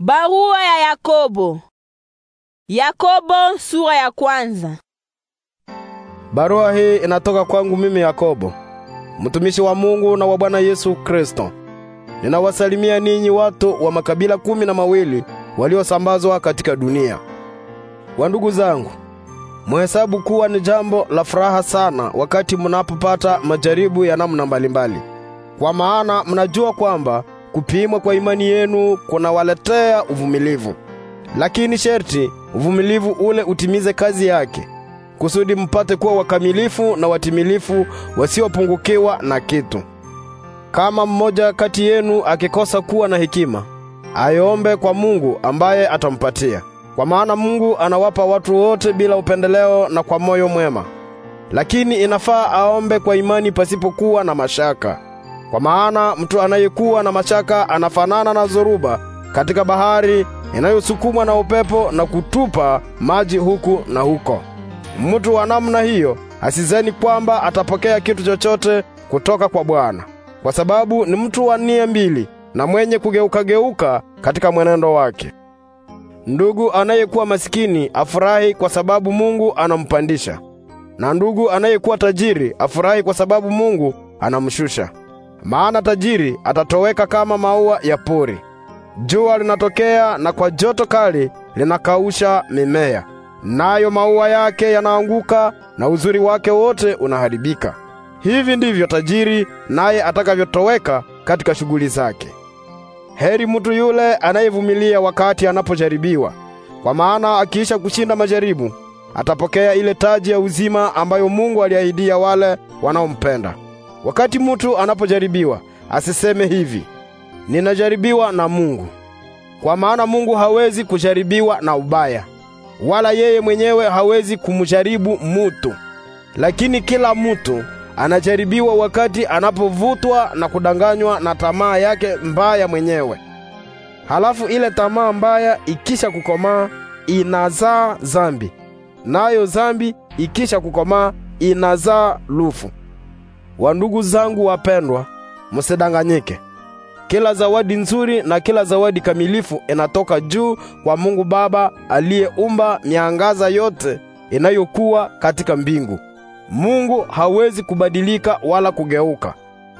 Barua ya Yakobo. Yakobo sura ya kwanza. Barua hii inatoka kwangu mimi Yakobo, mtumishi wa Mungu na wa Bwana Yesu Kristo. Ninawasalimia ninyi watu wa makabila kumi na mawili waliosambazwa katika dunia. Wandugu zangu, muhesabu kuwa ni jambo la furaha sana wakati munapopata majaribu ya namna mbalimbali. Kwa maana mnajua kwamba kupimwa kwa imani yenu kunawaletea uvumilivu. Lakini sherti uvumilivu ule utimize kazi yake, kusudi mpate kuwa wakamilifu na watimilifu, wasiopungukiwa na kitu. Kama mmoja kati yenu akikosa kuwa na hekima, ayombe kwa Mungu ambaye atampatia, kwa maana Mungu anawapa watu wote bila upendeleo na kwa moyo mwema. Lakini inafaa aombe kwa imani pasipokuwa na mashaka. Kwa maana mtu anayekuwa na mashaka anafanana na zoruba katika bahari inayosukumwa na upepo na kutupa maji huku na huko. Mtu wa namna hiyo asizeni kwamba atapokea kitu chochote kutoka kwa Bwana, kwa sababu ni mtu wa nia mbili na mwenye kugeuka-geuka katika mwenendo wake. Ndugu anayekuwa masikini afurahi kwa sababu Mungu anampandisha, na ndugu anayekuwa tajiri afurahi kwa sababu Mungu anamshusha maana tajiri atatoweka kama maua ya pori. Jua linatokea na kwa joto kali linakausha mimea, nayo maua yake yanaanguka na uzuri wake wote unaharibika. Hivi ndivyo tajiri naye atakavyotoweka katika shughuli zake. Heri mtu yule anayevumilia wakati anapojaribiwa, kwa maana akiisha kushinda majaribu atapokea ile taji ya uzima ambayo Mungu aliahidia wale wanaompenda. Wakati mutu anapojaribiwa, asiseme hivi, ninajaribiwa na Mungu. Kwa maana Mungu hawezi kujaribiwa na ubaya, wala yeye mwenyewe hawezi kumjaribu mutu. Lakini kila mutu anajaribiwa wakati anapovutwa na kudanganywa na tamaa yake mbaya mwenyewe. Halafu ile tamaa mbaya ikisha kukomaa inazaa zambi, nayo zambi ikisha kukomaa inazaa lufu. Wandugu zangu wapendwa, musidanganyike. Kila zawadi nzuri na kila zawadi kamilifu inatoka juu kwa Mungu Baba aliyeumba miangaza yote inayokuwa katika mbingu. Mungu hawezi kubadilika wala kugeuka.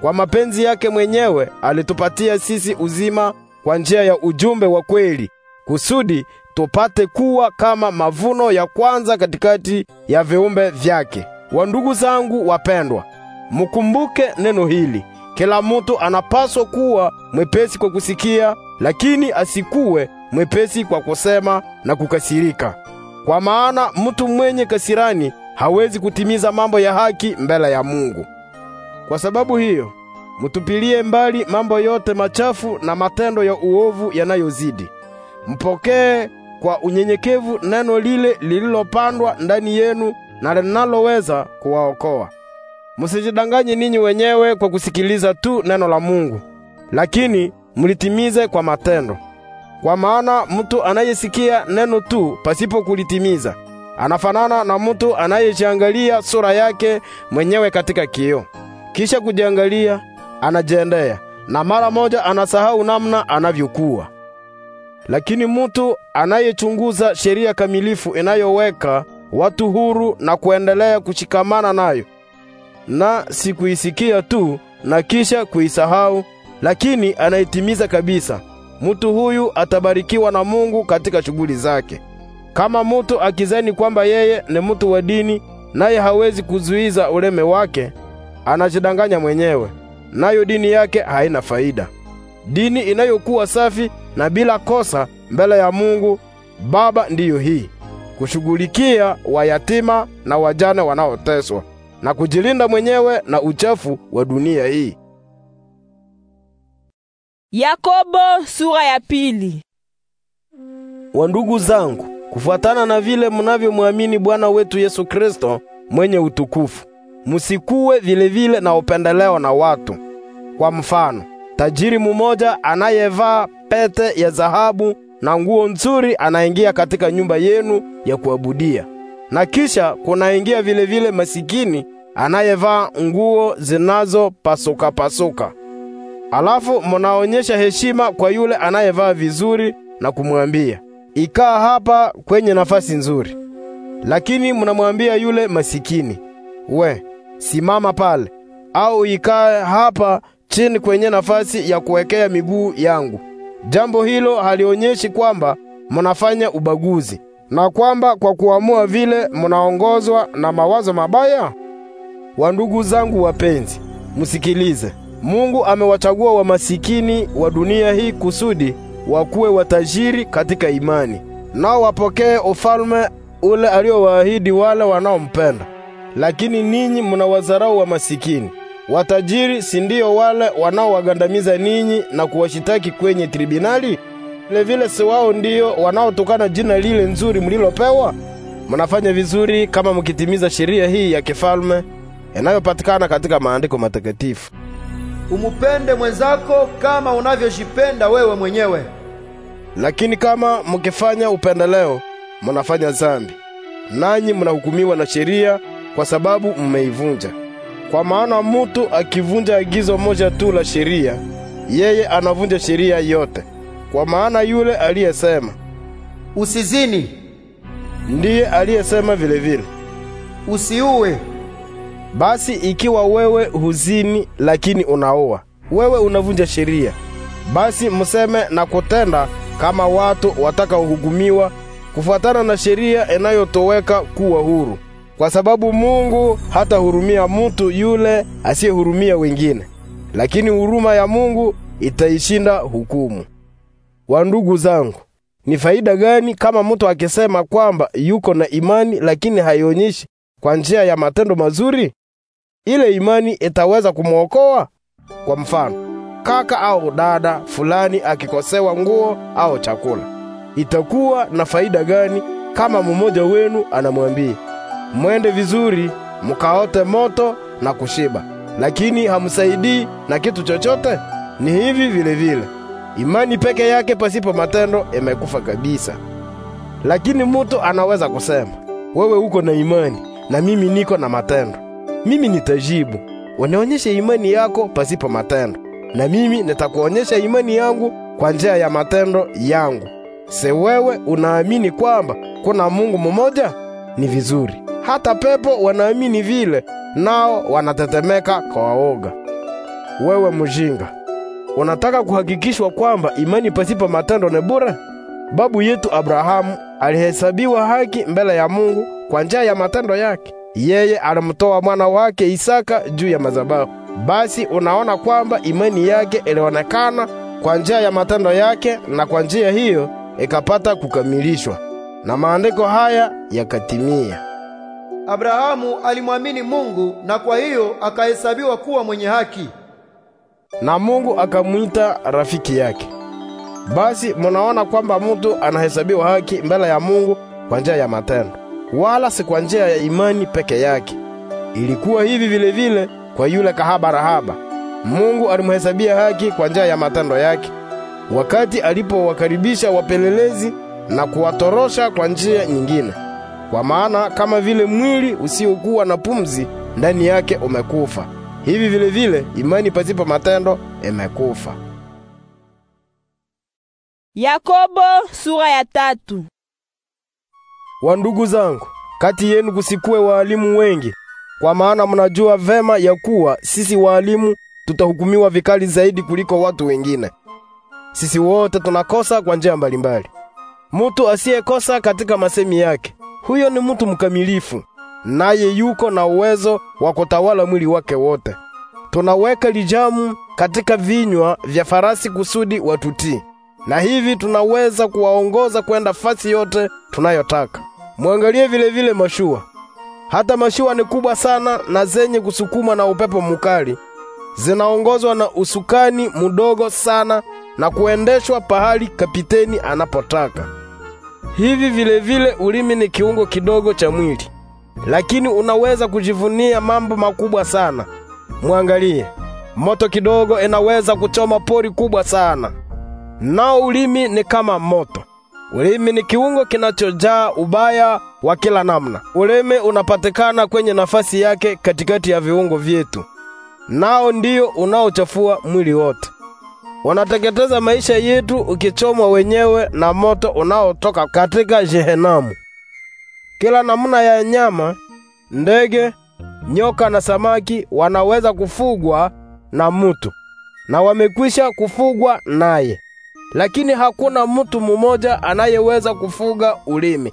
Kwa mapenzi yake mwenyewe alitupatia sisi uzima kwa njia ya ujumbe wa kweli, kusudi tupate kuwa kama mavuno ya kwanza katikati ya viumbe vyake. Wandugu zangu wapendwa, Mkumbuke neno hili, kila mtu anapaswa kuwa mwepesi kwa kusikia, lakini asikuwe mwepesi kwa kusema na kukasirika, kwa maana mtu mwenye kasirani hawezi kutimiza mambo ya haki mbele ya Mungu. Kwa sababu hiyo, mutupilie mbali mambo yote machafu na matendo ya uovu yanayozidi. Mpokee kwa unyenyekevu neno lile lililopandwa ndani yenu na linaloweza kuwaokoa. Musijidanganye ninyi wenyewe kwa kusikiliza tu neno la Mungu, lakini mulitimize kwa matendo. Kwa maana mtu anayesikia neno tu pasipo kulitimiza anafanana na mtu anayejiangalia sura yake mwenyewe katika kioo, kisha kujiangalia anajiendea na mara moja anasahau namna anavyokuwa. Lakini mtu anayechunguza sheria kamilifu inayoweka watu huru na kuendelea kushikamana nayo na sikuisikia tu na kisha kuisahau, lakini anaitimiza kabisa. Mtu huyu atabarikiwa na Mungu katika shughuli zake. Kama mutu akizani kwamba yeye ni mutu wa dini naye hawezi kuzuiza uleme wake, anajidanganya mwenyewe, nayo dini yake haina faida. Dini inayokuwa safi na bila kosa mbele ya Mungu Baba ndiyo hii: kushughulikia wayatima na wajane wanaoteswa na kujilinda mwenyewe na uchafu wa dunia hii. Yakobo sura ya pili. Wandugu zangu, kufuatana na vile munavyomwamini Bwana wetu Yesu Kristo mwenye utukufu, musikuwe vilevile na upendeleo na watu. Kwa mfano, tajiri mumoja anayevaa pete ya dhahabu na nguo nzuri anaingia katika nyumba yenu ya kuabudia na kisha kunaingia vilevile masikini anayevaa nguo zinazopasuka-pasuka. Alafu munaonyesha heshima kwa yule anayevaa vizuri na kumwambia, ikaa hapa kwenye nafasi nzuri. Lakini munamwambia yule masikini, we simama pale, au ikae hapa chini kwenye nafasi ya kuwekea miguu yangu. Jambo hilo halionyeshi kwamba munafanya ubaguzi, na kwamba kwa kuamua vile munaongozwa na mawazo mabaya? Wandugu zangu wapenzi, msikilize. Mungu amewachagua wamasikini wa dunia hii kusudi wakuwe watajiri katika imani, nao wapokee ufalme ule aliowaahidi wale wanaompenda. Lakini ninyi munawazarau wamasikini. Watajiri si ndio wale wanaowagandamiza ninyi na kuwashitaki kwenye tribinali? Vilevile si wao ndio wanaotukana jina lile nzuri mlilopewa? Mnafanya vizuri kama mkitimiza sheria hii ya kifalme inayopatikana katika maandiko matakatifu: umupende mwenzako kama unavyojipenda wewe mwenyewe. Lakini kama mkifanya upendeleo, mnafanya dhambi, nanyi mnahukumiwa na sheria kwa sababu mmeivunja. Kwa maana mutu akivunja agizo moja tu la sheria, yeye anavunja sheria yote kwa maana yule aliyesema usizini ndiye aliyesema vilevile usiue. Basi ikiwa wewe huzini lakini unaoa, wewe unavunja sheria. Basi museme na kutenda kama watu watakaohukumiwa kufuatana na sheria inayotoweka kuwa huru, kwa sababu Mungu hatahurumia mutu yule asiyehurumia wengine, lakini huruma ya Mungu itaishinda hukumu wa ndugu zangu, ni faida gani kama mtu akisema kwamba yuko na imani lakini haionyeshi kwa njia ya matendo mazuri? Ile imani itaweza kumwokoa? Kwa mfano, kaka au dada fulani akikosewa nguo au chakula, itakuwa na faida gani kama mmoja wenu anamwambia mwende vizuri mkaote moto na kushiba, lakini hamsaidii na kitu chochote? Ni hivi vile vile Imani peke yake pasipo matendo imekufa kabisa. Lakini mutu anaweza kusema, wewe uko na imani na mimi niko na matendo. Mimi nitajibu, unionyeshe imani yako pasipo matendo, na mimi nitakuonyesha imani yangu kwa njia ya matendo yangu. Se wewe unaamini kwamba kuna Mungu mmoja? Ni vizuri. Hata pepo wanaamini vile, nao wanatetemeka kwa woga. Wewe mjinga, Wanataka kuhakikishwa kwamba imani pasipo matendo ni bure. Babu yetu Abrahamu alihesabiwa haki mbele ya Mungu kwa njia ya matendo yake. Yeye alimtoa mwana wake Isaka juu ya madhabahu. Basi unaona kwamba imani yake ilionekana kwa njia ya matendo yake, na kwa njia hiyo ikapata kukamilishwa, na maandiko haya yakatimia: Abrahamu alimwamini Mungu na kwa hiyo akahesabiwa kuwa mwenye haki na Mungu akamwita rafiki yake. Basi munaona kwamba mutu anahesabiwa haki mbele ya Mungu kwa njia ya matendo, wala si kwa njia ya imani peke yake. Ilikuwa hivi vilevile vile kwa yule kahaba Rahaba. Mungu alimhesabia haki kwa njia ya matendo yake wakati alipowakaribisha wapelelezi na kuwatorosha kwa njia nyingine. Kwa maana kama vile mwili usiokuwa na pumzi ndani yake umekufa, Hivi vile vile imani pasipo matendo imekufa. Yakobo sura ya tatu. Wandugu zangu, kati yenu kusikue waalimu wengi, kwa maana mnajua vema ya kuwa sisi waalimu tutahukumiwa vikali zaidi kuliko watu wengine. Sisi wote tunakosa kwa njia mbalimbali. Mutu asiyekosa katika masemi yake, huyo ni mutu mkamilifu naye yuko na uwezo wa kutawala mwili wake wote. Tunaweka lijamu katika vinywa vya farasi kusudi watutii, na hivi tunaweza kuwaongoza kwenda fasi yote tunayotaka. Mwangalie vile vile mashua. Hata mashua ni kubwa sana na zenye kusukuma na upepo mukali, zinaongozwa na usukani mudogo sana na kuendeshwa pahali kapiteni anapotaka. Hivi vile vile ulimi ni kiungo kidogo cha mwili lakini unaweza kujivunia mambo makubwa sana. Mwangalie, moto kidogo inaweza kuchoma pori kubwa sana. Nao ulimi ni kama moto. Ulimi ni kiungo kinachojaa ubaya wa kila namna. Ulimi unapatikana kwenye nafasi yake katikati ya viungo vyetu, nao ndio unaochafua mwili wote. Unateketeza maisha yetu ukichomwa wenyewe na moto unaotoka katika Jehenamu. Kila namuna ya nyama, ndege, nyoka na samaki wanaweza kufugwa na mutu na wamekwisha kufugwa naye, lakini hakuna mutu mumoja anayeweza kufuga ulimi,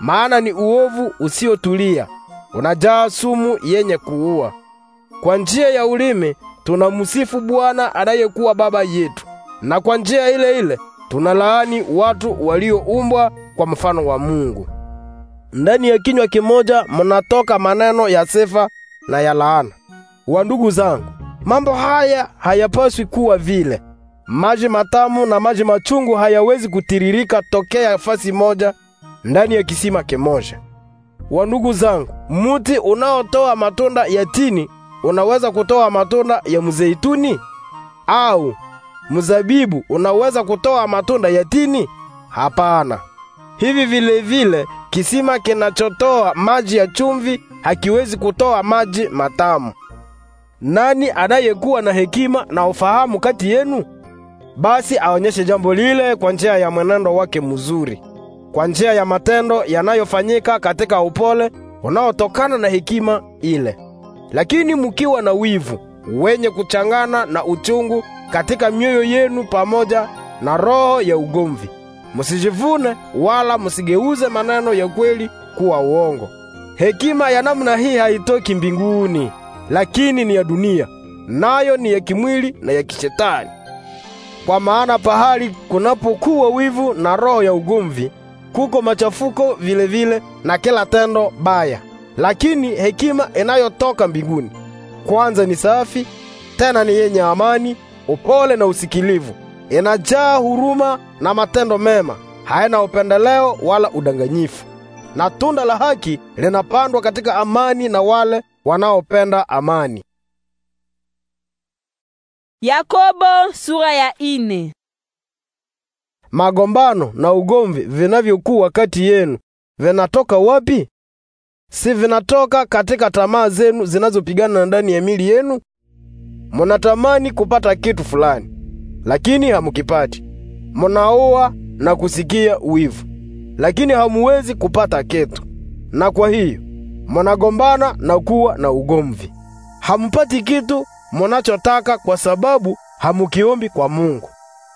maana ni uovu usiotulia, unajaa sumu yenye kuua. Kwa njia ya ulimi tunamsifu Bwana anayekuwa baba yetu, na kwa njia ile ile tunalaani watu walioumbwa kwa mfano wa Mungu. Ndani ya kinywa kimoja mnatoka maneno ya sifa na ya laana. Wandugu zangu, mambo haya hayapaswi kuwa vile. Maji matamu na maji machungu hayawezi kutiririka tokea fasi moja ndani ya kisima kimoja. Wandugu zangu, muti unaotoa matunda ya tini unaweza kutoa matunda ya mzeituni? Au mzabibu unaweza kutoa matunda ya tini? Hapana. Hivi vile vile Kisima kinachotoa maji ya chumvi hakiwezi kutoa maji matamu. Nani anayekuwa na hekima na ufahamu kati yenu? Basi aonyeshe jambo lile kwa njia ya mwenendo wake mzuri, kwa njia ya matendo yanayofanyika katika upole unaotokana na hekima ile. Lakini mkiwa na wivu wenye kuchangana na uchungu katika mioyo yenu pamoja na roho ya ugomvi musijivune wala musigeuze maneno ya kweli kuwa uongo. Hekima ya namna hii haitoki mbinguni, lakini ni ya dunia, nayo ni ya kimwili na ya kishetani. Kwa maana pahali kunapokuwa wivu na roho ya ugomvi, kuko machafuko vilevile vile na kila tendo baya. Lakini hekima inayotoka mbinguni kwanza ni safi, tena ni yenye amani, upole na usikilivu inajaa huruma na matendo mema, haina upendeleo wala udanganyifu, na tunda la haki linapandwa katika amani na wale wanaopenda amani. Yakobo sura ya ine. Magombano na ugomvi vinavyokuwa kati yenu vinatoka wapi? Si vinatoka katika tamaa zenu zinazopigana ndani ya mili yenu? Munatamani kupata kitu fulani lakini hamukipati. Munaoa na kusikia wivu, lakini hamuwezi kupata kitu na kwa hiyo munagombana na kuwa na ugomvi. Hamupati kitu munachotaka kwa sababu hamukiombi kwa Mungu.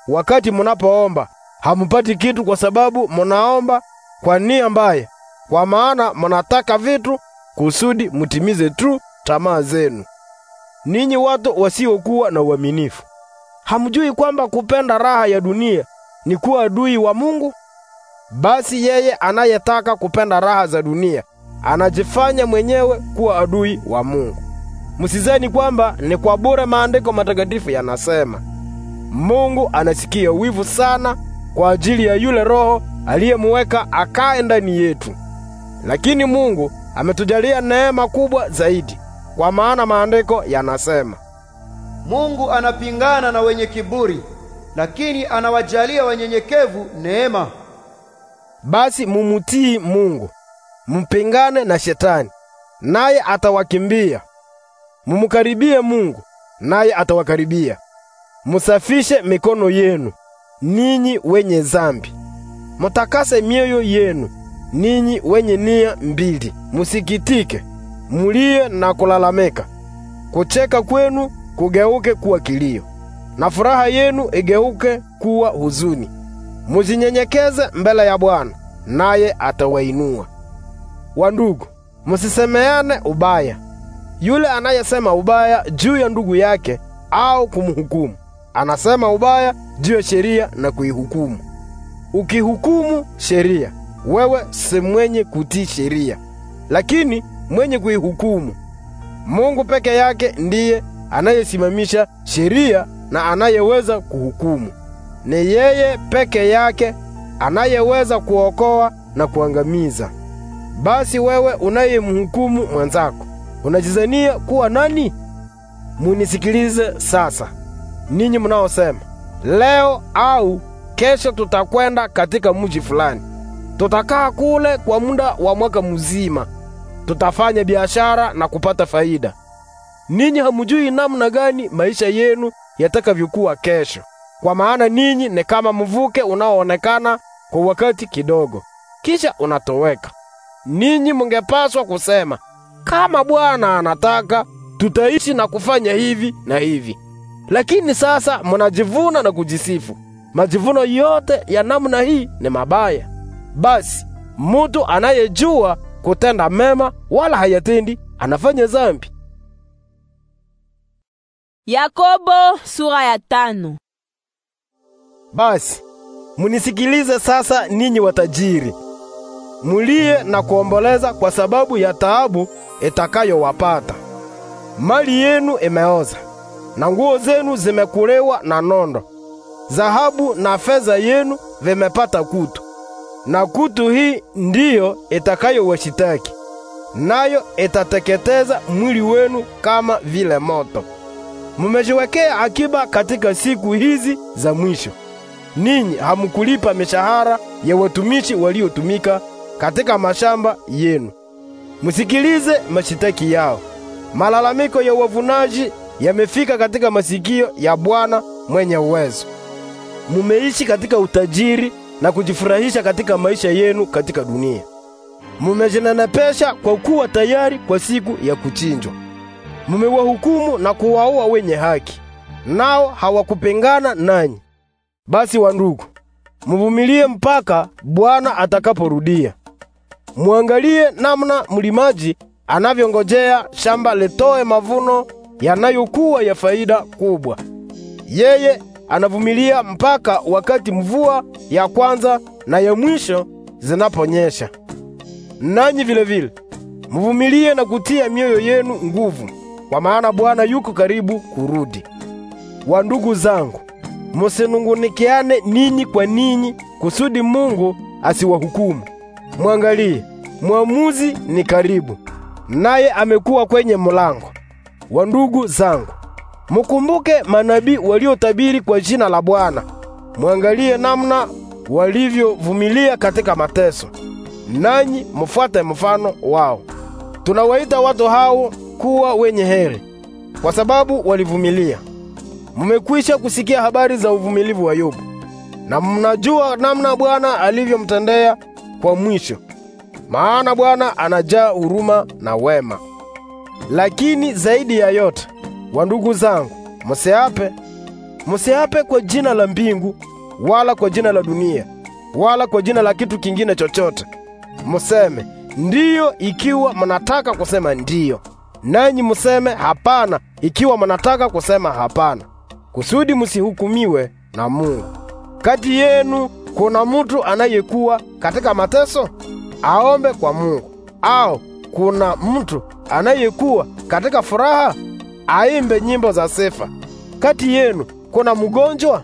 Wakati munapoomba hamupati kitu kwa sababu munaomba kwa nia mbaya, kwa maana munataka vitu kusudi mutimize tu tamaa zenu. Ninyi watu wasiokuwa na uaminifu, Hamjui kwamba kupenda raha ya dunia ni kuwa adui wa Mungu? Basi yeye anayetaka kupenda raha za dunia anajifanya mwenyewe kuwa adui wa Mungu. Msizeni kwamba ni kwa bure maandiko matakatifu yanasema, Mungu anasikia wivu sana kwa ajili ya yule roho aliyemuweka akae ndani yetu. Lakini Mungu ametujalia neema kubwa zaidi, kwa maana maandiko yanasema Mungu anapingana na wenye kiburi, lakini anawajalia wanyenyekevu neema. Basi mumutii Mungu, mupingane na shetani, naye atawakimbia. Mumukaribie Mungu, naye atawakaribia. Musafishe mikono yenu ninyi wenye zambi, mutakase mioyo yenu ninyi wenye nia mbili. Musikitike, mulie na kulalameka, kucheka kwenu kugeuke kuwa kilio na furaha yenu igeuke kuwa huzuni. Mujinyenyekeze mbele ya Bwana, naye atawainua. Wandugu, musisemeane ubaya. Yule anayesema ubaya juu ya ndugu yake au kumhukumu anasema ubaya juu ya sheria na kuihukumu. Ukihukumu sheria, wewe si mwenye kutii sheria, lakini mwenye kuihukumu. Mungu peke yake ndiye anayesimamisha sheria na anayeweza kuhukumu. Ni yeye peke yake anayeweza kuokoa na kuangamiza. Basi wewe unayemhukumu mwenzako unajizania kuwa nani? Munisikilize sasa, ninyi mnaosema leo au kesho tutakwenda katika mji fulani, tutakaa kule kwa muda wa mwaka mzima, tutafanya biashara na kupata faida. Ninyi hamujui namna gani maisha yenu yatakavyokuwa kesho, kwa maana ninyi ni kama mvuke unaoonekana kwa wakati kidogo, kisha unatoweka. Ninyi mungepaswa kusema, kama Bwana anataka tutaishi na kufanya hivi na hivi. Lakini sasa munajivuna na kujisifu. Majivuno yote ya namna hii ni mabaya. Basi mutu anayejua kutenda mema wala hayatendi anafanya zambi. Yakobo sura ya tano. Basi munisikilize sasa, ninyi watajiri, mulie na kuomboleza kwa sababu ya taabu itakayowapata. Mali yenu imeoza na nguo zenu zimekulewa na nondo. zahabu na fedha yenu vimepata kutu, na kutu hii ndiyo itakayowashitaki, nayo itateketeza mwili wenu kama vile moto mumejiwekea akiba katika siku hizi za mwisho. Ninyi hamukulipa mishahara ya watumishi waliotumika katika mashamba yenu. Musikilize mashitaki yao. Malalamiko ya wavunaji yamefika katika masikio ya Bwana mwenye uwezo. Mumeishi katika utajiri na kujifurahisha katika maisha yenu katika dunia. Mumejinenepesha kwa kuwa tayari kwa siku ya kuchinjwa mumewahukumu na kuwaua wenye haki, nao hawakupengana nanyi. Basi wandugu, muvumilie mpaka Bwana atakaporudia. Muangalie namna mulimaji anavyongojea shamba letoe mavuno yanayokuwa ya faida kubwa. Yeye anavumilia mpaka wakati mvua ya kwanza na ya mwisho zinaponyesha. Nanyi vilevile muvumilie na kutia mioyo yenu nguvu kwa maana Bwana yuko karibu kurudi. Wandugu zangu, musinungunikiane ninyi kwa ninyi kusudi Mungu asiwahukumu. Mwangalie, mwamuzi ni karibu, naye amekuwa kwenye mulango. Wandugu zangu, mukumbuke manabii waliotabiri kwa jina la Bwana. Mwangalie namna walivyovumilia katika mateso, nanyi mufuate mfano wao. Tunawaita watu hao kuwa wenye heri, kwa sababu walivumilia. Mmekwisha kusikia habari za uvumilivu wa Ayubu, na mnajua namna Bwana alivyomtendea kwa mwisho, maana Bwana anajaa huruma na wema. Lakini zaidi ya yote, wandugu zangu, msiape, msiape kwa jina la mbingu, wala kwa jina la dunia, wala kwa jina la kitu kingine chochote. Museme ndiyo ikiwa mnataka kusema ndiyo nanyi museme hapana, ikiwa munataka kusema hapana, kusudi musihukumiwe na Mungu. Kati yenu kuna mutu anayekuwa katika mateso, aombe kwa Mungu, au kuna mtu anayekuwa katika furaha, aimbe nyimbo za sifa. Kati yenu kuna mgonjwa,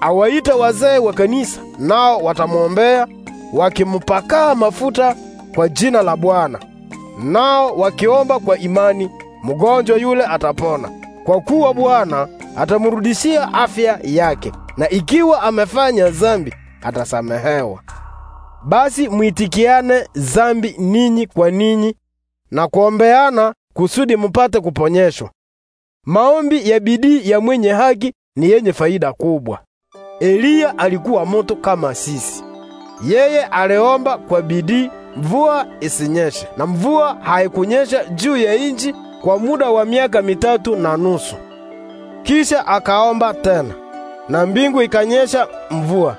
awaite wazee wa kanisa, nao watamwombea, wakimupakaa mafuta kwa jina la Bwana. Nao wakiomba kwa imani, mgonjwa yule atapona, kwa kuwa Bwana atamrudishia afya yake, na ikiwa amefanya dhambi atasamehewa. Basi mwitikiane zambi ninyi kwa ninyi na kuombeana kusudi mupate kuponyeshwa. Maombi ya bidii ya mwenye haki ni yenye faida kubwa. Eliya alikuwa mutu kama sisi. Yeye aliomba kwa bidii mvua isinyeshe, na mvua haikunyesha juu ya inji kwa muda wa miaka mitatu na nusu. Kisha akaomba tena, na mbingu ikanyesha mvua,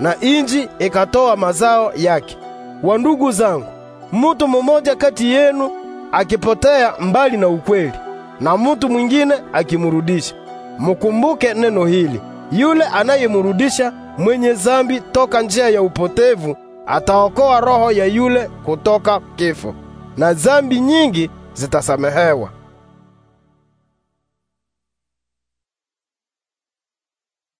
na inji ikatoa mazao yake. Wa ndugu zangu, mutu mumoja kati yenu akipotea mbali na ukweli na mutu mwingine akimurudisha, mukumbuke neno hili: yule anayemurudisha mwenye zambi toka njia ya upotevu ataokoa roho ya yule kutoka kifo, na dhambi nyingi zitasamehewa.